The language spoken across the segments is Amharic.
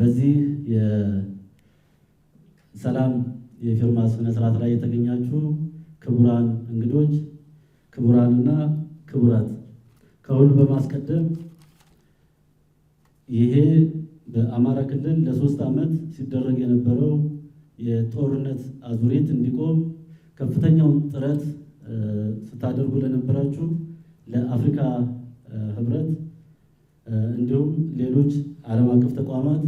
በዚህ የሰላም የፊርማ ስነ ስርዓት ላይ የተገኛችሁ ክቡራን እንግዶች፣ ክቡራንና ክቡራት ከሁሉ በማስቀደም ይሄ በአማራ ክልል ለሶስት ዓመት ሲደረግ የነበረው የጦርነት አዙሪት እንዲቆም ከፍተኛውን ጥረት ስታደርጉ ለነበራችሁ ለአፍሪካ ህብረት እንዲሁም ሌሎች ዓለም አቀፍ ተቋማት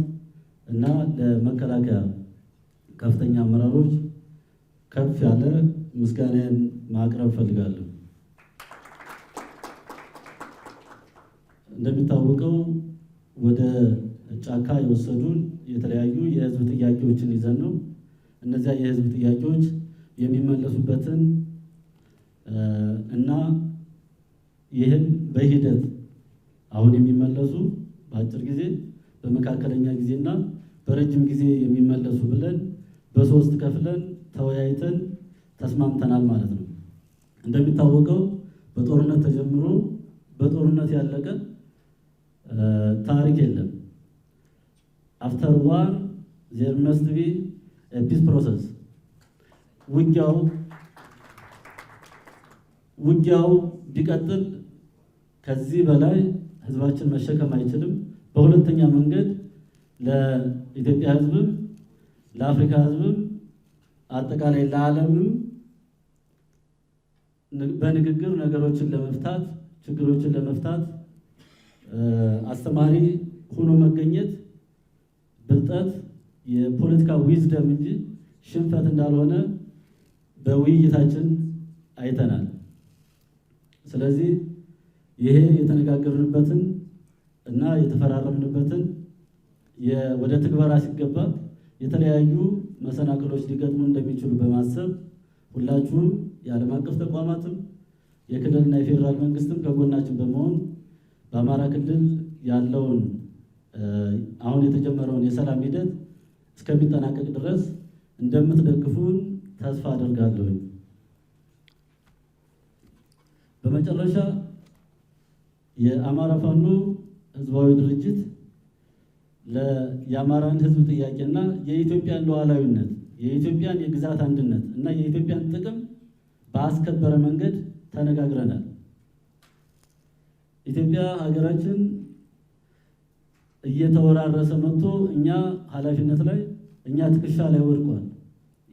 እና ለመከላከያ ከፍተኛ አመራሮች ከፍ ያለ ምስጋናን ማቅረብ እፈልጋለሁ። እንደሚታወቀው ወደ ጫካ የወሰዱን የተለያዩ የህዝብ ጥያቄዎችን ይዘን ነው። እነዚያ የህዝብ ጥያቄዎች የሚመለሱበትን እና ይህም በሂደት አሁን የሚመለሱ በአጭር ጊዜ፣ በመካከለኛ ጊዜና በረጅም ጊዜ የሚመለሱ ብለን በሶስት ከፍለን ተወያይተን ተስማምተናል ማለት ነው። እንደሚታወቀው በጦርነት ተጀምሮ በጦርነት ያለቀ ታሪክ የለም። አፍተር ዋር ዜር መስት ቢ ፒስ ፕሮሰስ። ውጊያው ውጊያው ቢቀጥል ከዚህ በላይ ህዝባችን መሸከም አይችልም። በሁለተኛ መንገድ ለኢትዮጵያ ሕዝብም ለአፍሪካ ሕዝብም አጠቃላይ ለዓለምም በንግግር ነገሮችን ለመፍታት ችግሮችን ለመፍታት አስተማሪ ሆኖ መገኘት ብልጠት የፖለቲካ ዊዝደም እንጂ ሽንፈት እንዳልሆነ በውይይታችን አይተናል። ስለዚህ ይሄ የተነጋገርንበትን እና የተፈራረምንበትን ወደ ትግበራ ሲገባ የተለያዩ መሰናክሎች ሊገጥሙ እንደሚችሉ በማሰብ ሁላችሁም የዓለም አቀፍ ተቋማትም የክልልና የፌዴራል መንግስትም ከጎናችን በመሆን በአማራ ክልል ያለውን አሁን የተጀመረውን የሰላም ሂደት እስከሚጠናቀቅ ድረስ እንደምትደግፉን ተስፋ አደርጋለሁኝ። በመጨረሻ የአማራ ፋኖ ህዝባዊ ድርጅት የአማራን ህዝብ ጥያቄና የኢትዮጵያን ሉዓላዊነት የኢትዮጵያን የግዛት አንድነት እና የኢትዮጵያን ጥቅም በአስከበረ መንገድ ተነጋግረናል። ኢትዮጵያ ሀገራችን እየተወራረሰ መጥቶ እኛ ኃላፊነት ላይ እኛ ትከሻ ላይ ወድቋል።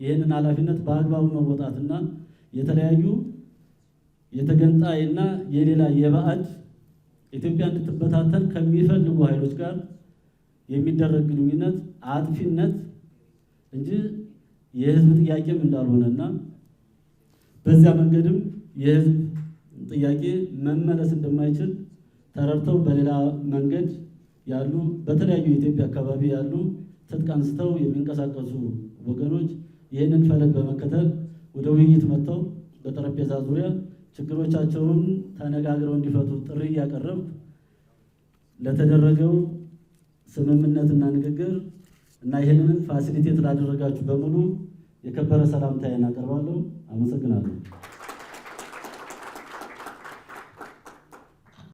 ይህንን ኃላፊነት በአግባቡ መወጣትና የተለያዩ የተገንጣይና የሌላ የባዕድ ኢትዮጵያ እንድትበታተን ከሚፈልጉ ኃይሎች ጋር የሚደረግ ግንኙነት አጥፊነት እንጂ የህዝብ ጥያቄም እንዳልሆነና በዚያ መንገድም የህዝብ ጥያቄ መመለስ እንደማይችል ተረድተው በሌላ መንገድ ያሉ በተለያዩ የኢትዮጵያ አካባቢ ያሉ ትጥቅ አንስተው የሚንቀሳቀሱ ወገኖች ይህንን ፈለግ በመከተል ወደ ውይይት መጥተው በጠረጴዛ ዙሪያ ችግሮቻቸውን ተነጋግረው እንዲፈቱ ጥሪ እያቀረብ ለተደረገው ስምምነትና ንግግር እና ይህንን ፋሲሊቴት ላደረጋችሁ በሙሉ የከበረ ሰላምታዬን አቀርባለሁ። አመሰግናለሁ።